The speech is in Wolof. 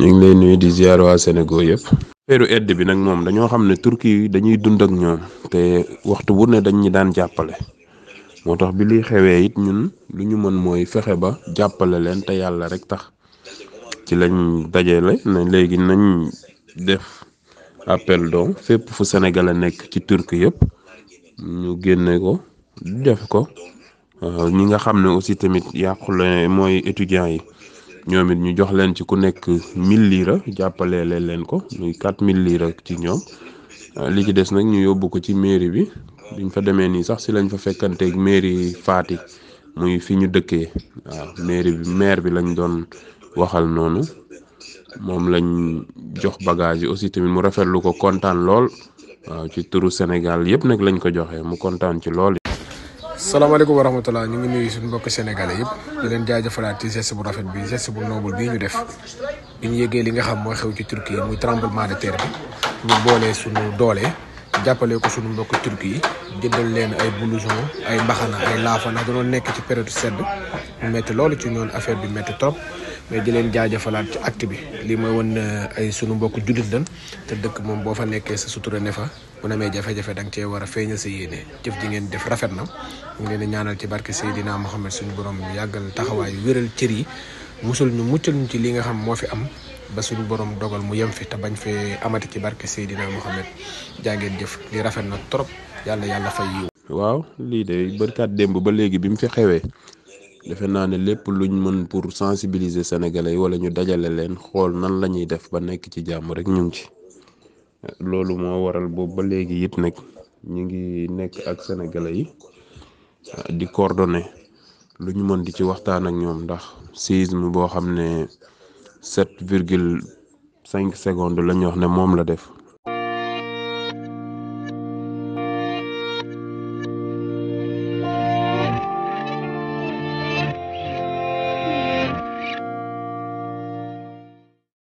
ñu ngi lay nuyu di ziar waa Sénégal yëpp. feeru edd bi nag moom dañoo xam ne turki dañuy dund ak ñoom te waxtu bu ne dañ ñu daan jàppale moo tax bi luy xewee it ñun lu ñu mën mooy fexe ba jàppale leen te yàlla rek tax ci lañ dajale na léegi nañ def appel donc fépp fu Sénégal a nekk ci turki yëpp ñu génne ko def ko euh, ñi nga xam ne aussi tamit yàqule mooy étudiants yi. ñoom it ñu jox leen ci ku nekk 1000 lira jàppale leen leen ko muy 4000 lira ci ñoom euh, li ci des nag ñu yóbbu ko ci mairie bi biñ fa demee nii sax si lañ fa fekkanteeg mairie Fatick muy fi ñu dëkkee waaw mairie bi maire bi lañ doon waxal noonu moom lañ jox bagage yi aussi tamit mu rafetlu ko kontaan lool waaw ci turu Sénégal yëpp nag lañ ko joxee mu kontaan ci lool. salaamaaleykum wa rahmatulah ñu ngi nuyu suñu mbokk sénégalais yëpp di leen jaajëfalaat ci geste bu rafet bi geste bu noble bii ñu def bi ñu yëgee li nga xam mooy xew ci Turquie muy tremblement de terre bi ñu boolee suñu doolee jàppalee ko suñu mbokk turk yi jëndal leen ay blouson ay mbaxana ay laafa ndax dañoo nekk ci période sedd mu métti loolu ci ñoon affaire bi métti trop mais di leen jaajëfalaat ci acte bi lii mooy woon eh, ay sunu mbokk jullit lan te dëkk moom boo fa nekkee sa sutura ne fa bu namee jafe-jafe danga cee war a feeñal sa yéene jëf ji ngeen def rafet na ñu leen ñaanal ci barke Seydina Mohamed suñu borom yàggal taxawaay wéral cër yi musul ñu muccal ci li nga xam moo fi am ba suñu borom dogal mu yem fi te bañ fee amati ci barke Seydina Mohamed jaa ngeen jëf li rafet na trop yàlla yàlla fay yiw waaw lii de bërkaat démb ba léegi bi mu fi xewee defe naa ne lépp luñ mën pour sensibiliser sénégalais yi wala ñu dajale leen xool nan la ñuy def ba nekk ci jàmm rek ñu ngi ci loolu moo waral boobu ba léegi it nag ñu ngi nekk ak sénégalais yi di coordonné lu mën di ci waxtaan ak ñoom ndax séisme boo xam ne sept virgule cinq secondes la ñu wax ne moom la def